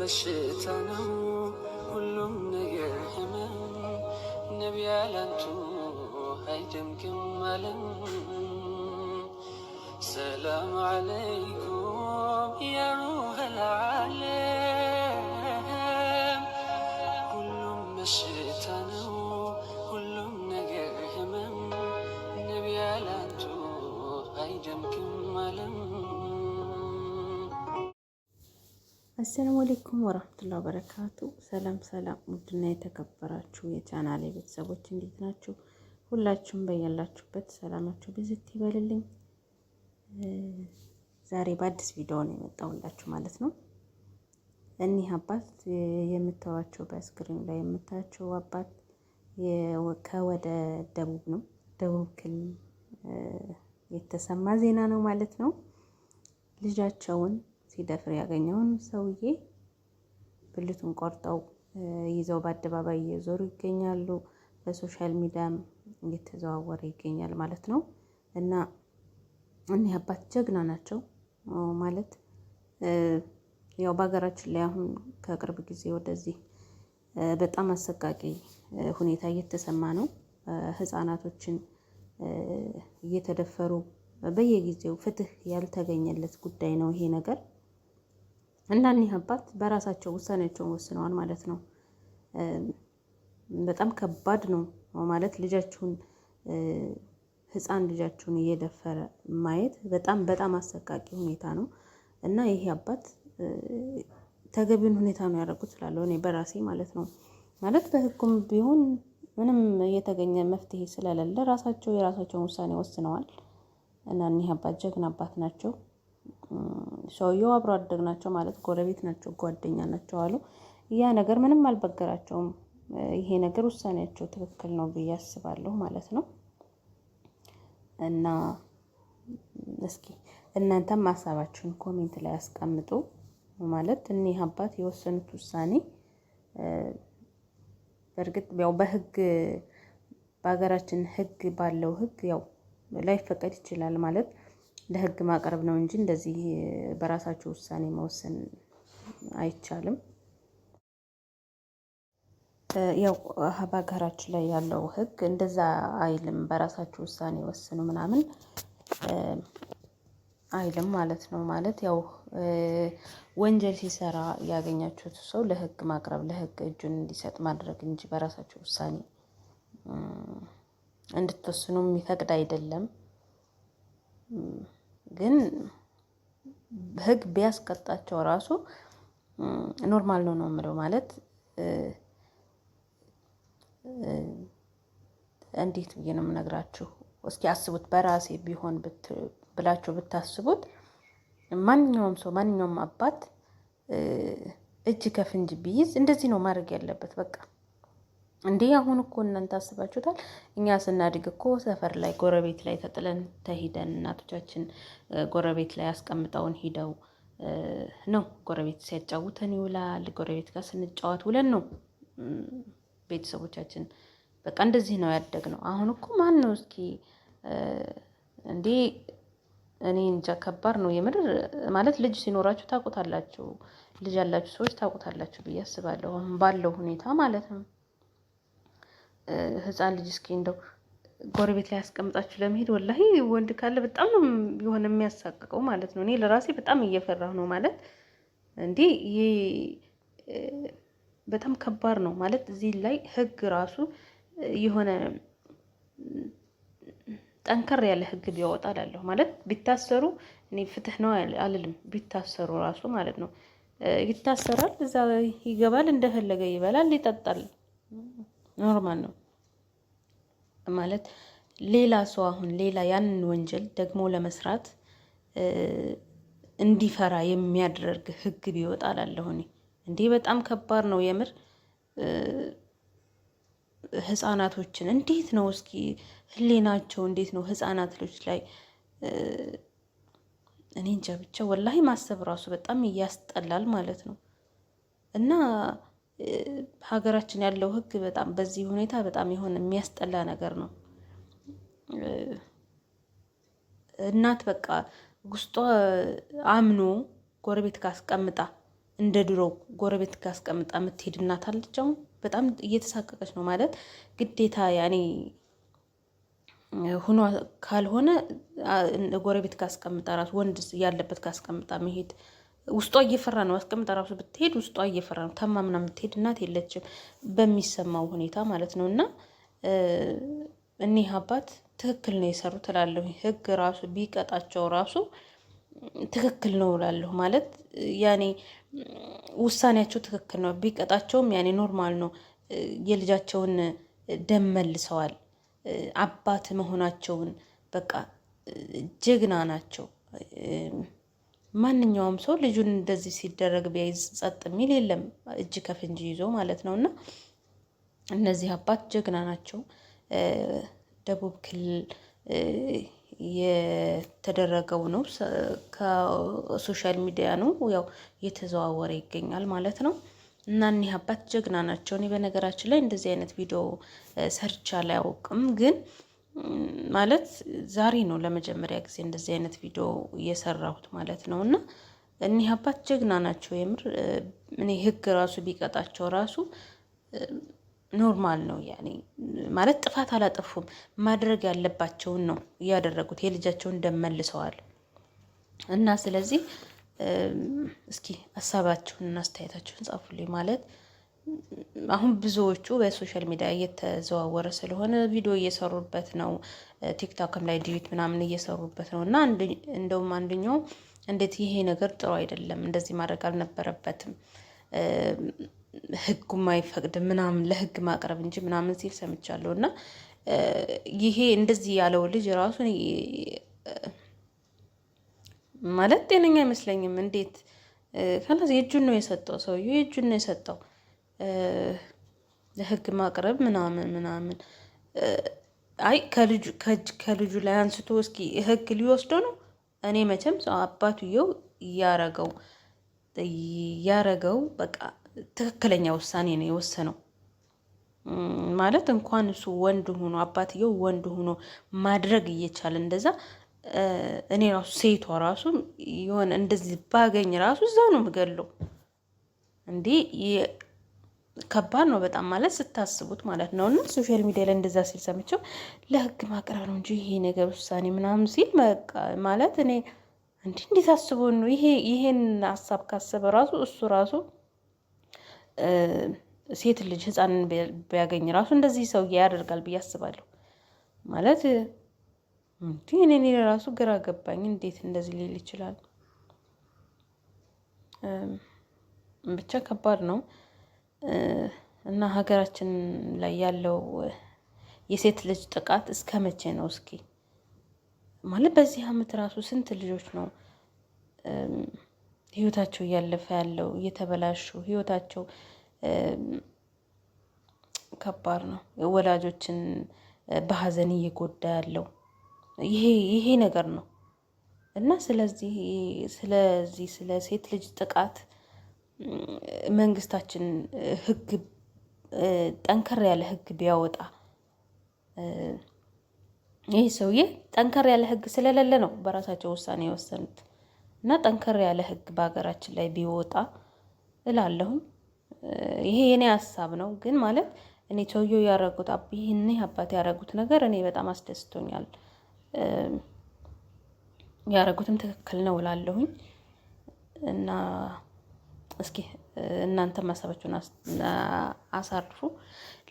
መሽታ ነው ሁሉም ነገር ህመም ነቢ ያላንቱ አይደምግም አለም ሰላም አለይኩም አሰላሙ አሌይኩም ወረህመቱላሂ ወበረካቱ። ሰላም ሰላም፣ ውድና የተከበራችሁ የቻናሌ ቤተሰቦች እንዴት ናችሁ? ሁላችሁም በያላችሁበት ሰላማችሁ ብዝት ይበልልኝ። ዛሬ በአዲስ ቪዲዮ ነው የመጣሁላችሁ ማለት ነው። እኒህ አባት የምታዩቸው በስክሪኑ ላይ የምታዩዋቸው አባት ከወደ ደቡብ ነው፣ ደቡብ ክልል የተሰማ ዜና ነው ማለት ነው። ልጃቸውን ሲደፍር ያገኘውን ሰውዬ ብልቱን ቆርጠው ይዘው በአደባባይ እየዞሩ ይገኛሉ። በሶሻል ሚዲያም እየተዘዋወረ ይገኛል ማለት ነው። እና እኒህ አባት ጀግና ናቸው ማለት ያው በሀገራችን ላይ አሁን ከቅርብ ጊዜ ወደዚህ በጣም አሰቃቂ ሁኔታ እየተሰማ ነው። ህጻናቶችን እየተደፈሩ በየጊዜው ፍትህ ያልተገኘለት ጉዳይ ነው ይሄ ነገር። እና እኒህ አባት በራሳቸው ውሳኔያቸውን ወስነዋል ማለት ነው። በጣም ከባድ ነው ማለት ልጃችሁን ህፃን ልጃችሁን እየደፈረ ማየት በጣም በጣም አሰቃቂ ሁኔታ ነው እና ይሄ አባት ተገቢውን ሁኔታ ነው ያደረጉት ስላለው እኔ በራሴ ማለት ነው ማለት በህጉም ቢሆን ምንም እየተገኘ መፍትሄ ስለሌለ ራሳቸው የራሳቸውን ውሳኔ ወስነዋል እና እኒህ አባት ጀግና አባት ናቸው። ሰውየው አብሮ አደግ ናቸው ማለት ጎረቤት ናቸው፣ ጓደኛ ናቸው አሉ። ያ ነገር ምንም አልበገራቸውም። ይሄ ነገር ውሳኔያቸው ትክክል ነው ብዬ አስባለሁ ማለት ነው። እና እስኪ እናንተም ሀሳባችሁን ኮሜንት ላይ አስቀምጡ። ማለት እኒህ አባት የወሰኑት ውሳኔ በእርግጥ ያው በህግ በሀገራችን ህግ ባለው ህግ ያው ላይፈቀድ ይችላል ማለት ለህግ ማቅረብ ነው እንጂ እንደዚህ በራሳቸው ውሳኔ መወሰን አይቻልም። ያው በሀገራችን ላይ ያለው ህግ እንደዛ አይልም፣ በራሳቸው ውሳኔ ወስኑ ምናምን አይልም ማለት ነው። ማለት ያው ወንጀል ሲሰራ ያገኛችሁት ሰው ለህግ ማቅረብ ለህግ እጁን እንዲሰጥ ማድረግ እንጂ በራሳቸው ውሳኔ እንድትወስኑ የሚፈቅድ አይደለም። ግን ህግ ቢያስቀጣቸው ራሱ ኖርማል ነው ነው የምለው ማለት እንዴት ብዬ ነው የምነግራችሁ? እስኪ አስቡት። በራሴ ቢሆን ብላችሁ ብታስቡት ማንኛውም ሰው ማንኛውም አባት እጅ ከፍንጅ ቢይዝ እንደዚህ ነው ማድረግ ያለበት በቃ እንዴ አሁን እኮ እናንተ አስባችሁታል? እኛ ስናድግ እኮ ሰፈር ላይ ጎረቤት ላይ ተጥለን ተሂደን እናቶቻችን ጎረቤት ላይ አስቀምጠውን ሂደው ነው ጎረቤት ሲያጫውተን ይውላል። ጎረቤት ጋር ስንጫወት ውለን ነው ቤተሰቦቻችን በቃ እንደዚህ ነው ያደግ ነው። አሁን እኮ ማን ነው እስኪ እንዴ እኔ እንጃ፣ ከባድ ነው የምር ማለት ልጅ ሲኖራችሁ ታውቁታላችሁ፣ ልጅ ያላችሁ ሰዎች ታውቁታላችሁ ብዬ አስባለሁ። አሁን ባለው ሁኔታ ማለት ነው። ህፃን ልጅ እስኪ እንደው ጎረቤት ላይ ያስቀምጣችሁ ለመሄድ ወላሂ ወንድ ካለ በጣም ነው የሆነ የሚያሳቅቀው ማለት ነው። እኔ ለራሴ በጣም እየፈራሁ ነው ማለት እንዴ ይሄ በጣም ከባድ ነው ማለት እዚህ ላይ ህግ ራሱ የሆነ ጠንከር ያለ ህግ ቢያወጣ እላለሁ ማለት ቢታሰሩ እኔ ፍትህ ነው አልልም። ቢታሰሩ ራሱ ማለት ነው ይታሰራል፣ እዛ ይገባል፣ እንደፈለገ ይበላል፣ ይጠጣል፣ ኖርማል ነው። ማለት ሌላ ሰው አሁን ሌላ ያንን ወንጀል ደግሞ ለመስራት እንዲፈራ የሚያደርግ ህግ ቢወጣ እላለሁ እኔ። እንዲህ በጣም ከባድ ነው የምር። ህጻናቶችን እንዴት ነው እስኪ ህሊናቸው እንዴት ነው ህጻናት ልጆች ላይ እኔ እንጃ ብቻ ወላሂ ማሰብ ራሱ በጣም ያስጠላል ማለት ነው እና ሀገራችን ያለው ህግ በጣም በዚህ ሁኔታ በጣም የሆነ የሚያስጠላ ነገር ነው። እናት በቃ ውስጧ አምኖ ጎረቤት ካስቀምጣ እንደ ድሮ ጎረቤት ካስቀምጣ የምትሄድ እናት አለች። በጣም እየተሳቀቀች ነው ማለት ግዴታ ያኔ ሁኖ ካልሆነ ጎረቤት ካስቀምጣ ራሱ ወንድ ያለበት ካስቀምጣ መሄድ ውስጧ እየፈራ ነው። አስቀምጣ ራሱ ብትሄድ ውስጧ እየፈራ ነው። ተማምና ምትሄድ እናት የለችም፣ በሚሰማው ሁኔታ ማለት ነው። እና እኒህ አባት ትክክል ነው የሰሩት ትላለሁ። ህግ ራሱ ቢቀጣቸው ራሱ ትክክል ነው እላለሁ። ማለት ያኔ ውሳኔያቸው ትክክል ነው። ቢቀጣቸውም ያኔ ኖርማል ነው። የልጃቸውን ደም መልሰዋል። አባት መሆናቸውን በቃ ጀግና ናቸው። ማንኛውም ሰው ልጁን እንደዚህ ሲደረግ ቢያይ ጸጥ የሚል የለም፣ እጅ ከፍንጅ ይዞ ማለት ነው። እና እነዚህ አባት ጀግና ናቸው። ደቡብ ክልል የተደረገው ነው፣ ከሶሻል ሚዲያ ነው ያው እየተዘዋወረ ይገኛል ማለት ነው። እና እኒህ አባት ጀግና ናቸው። እኔ በነገራችን ላይ እንደዚህ አይነት ቪዲዮ ላይ አላያውቅም ግን ማለት ዛሬ ነው ለመጀመሪያ ጊዜ እንደዚህ አይነት ቪዲዮ እየሰራሁት ማለት ነው። እና እኒህ አባት ጀግና ናቸው የምር። እኔ ህግ ራሱ ቢቀጣቸው ራሱ ኖርማል ነው ያኔ ማለት ጥፋት አላጠፉም። ማድረግ ያለባቸውን ነው እያደረጉት፣ የልጃቸውን ደም መልሰዋል። እና ስለዚህ እስኪ ሀሳባችሁን እና አስተያየታችሁን ጻፉልኝ ማለት አሁን ብዙዎቹ በሶሻል ሚዲያ እየተዘዋወረ ስለሆነ ቪዲዮ እየሰሩበት ነው። ቲክቶክም ላይ ዲዩት ምናምን እየሰሩበት ነው እና እንደውም አንደኛው እንዴት ይሄ ነገር ጥሩ አይደለም፣ እንደዚህ ማድረግ አልነበረበትም፣ ህጉም አይፈቅድም ምናምን ለህግ ማቅረብ እንጂ ምናምን ሲል ሰምቻለሁ። እና ይሄ እንደዚህ ያለው ልጅ ራሱን ማለት ጤነኛ አይመስለኝም። እንዴት ከላ የእጁን ነው የሰጠው ሰውዬው የእጁን ነው የሰጠው ለህግ ማቅረብ ምናምን ምናምን አይ ከልጁ ከልጁ ላይ አንስቶ እስኪ ህግ ሊወስደው ነው። እኔ መቼም ሰው አባትየው እያረገው እያረገው በቃ ትክክለኛ ውሳኔ ነው የወሰነው። ማለት እንኳን እሱ ወንድ ሆኖ አባትየው ወንድ ሆኖ ማድረግ እየቻለ እንደዛ እኔ ራሱ ሴቷ ራሱ የሆነ እንደዚህ ባገኝ ራሱ እዛ ነው የምገለው እንዴ! ከባድ ነው በጣም ማለት ስታስቡት ማለት ነው። እና ሶሻል ሚዲያ ላይ እንደዛ ሲል ሰምቸው ለህግ ማቅረብ ነው እንጂ ይሄ ነገር ውሳኔ ምናምን ሲል ማለት እኔ እንዲህ እንዴት አስቦ ነው ይሄ ይሄን ሀሳብ ካሰበ ራሱ እሱ ራሱ ሴት ልጅ ህፃንን ቢያገኝ ራሱ እንደዚህ ሰውዬ ያደርጋል ብዬ አስባለሁ። ማለት እንዲህ እኔ ራሱ ግራ ገባኝ። እንዴት እንደዚህ ሊል ይችላል? ብቻ ከባድ ነው። እና ሀገራችን ላይ ያለው የሴት ልጅ ጥቃት እስከ መቼ ነው? እስኪ ማለት በዚህ አመት ራሱ ስንት ልጆች ነው ህይወታቸው እያለፈ ያለው እየተበላሹ ህይወታቸው ከባድ ነው። ወላጆችን በሀዘን እየጎዳ ያለው ይሄ ይሄ ነገር ነው እና ስለዚህ ስለዚህ ስለ ሴት ልጅ ጥቃት መንግስታችን ህግ ጠንከር ያለ ህግ ቢያወጣ ይህ ሰውዬ ጠንከር ያለ ህግ ስለሌለ ነው በራሳቸው ውሳኔ የወሰኑት። እና ጠንከር ያለ ህግ በሀገራችን ላይ ቢወጣ እላለሁም። ይሄ የኔ ሀሳብ ነው። ግን ማለት እኔ ሰውዬው ያደረጉት ይህን አባት ያደረጉት ነገር እኔ በጣም አስደስቶኛል። ያደረጉትም ትክክል ነው እላለሁኝ እና እስኪ እናንተ ማሳባችሁን አሳርፉ።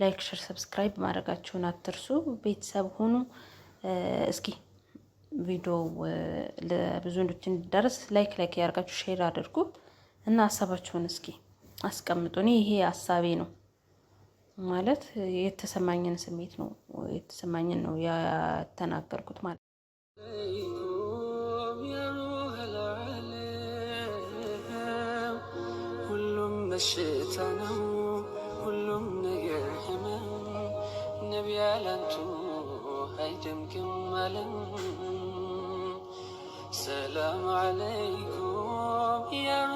ላይክ፣ ሸር፣ ሰብስክራይብ ማድረጋችሁን አትርሱ። ቤተሰብ ሁኑ። እስኪ ቪዲዮ ለብዙ እንዶች እንዲደርስ ላይክ ላይክ ያደርጋችሁ ሼር አድርጉ እና ሀሳባችሁን እስኪ አስቀምጡ። እኔ ይሄ ሀሳቤ ነው ማለት የተሰማኝን ስሜት ነው የተሰማኝን ነው የተናገርኩት ማለት በሽታ ነው ሁሉም ነገር ህመም ነቢ ያላንቱ አይደምግም አለም። ሰላም አለይኩም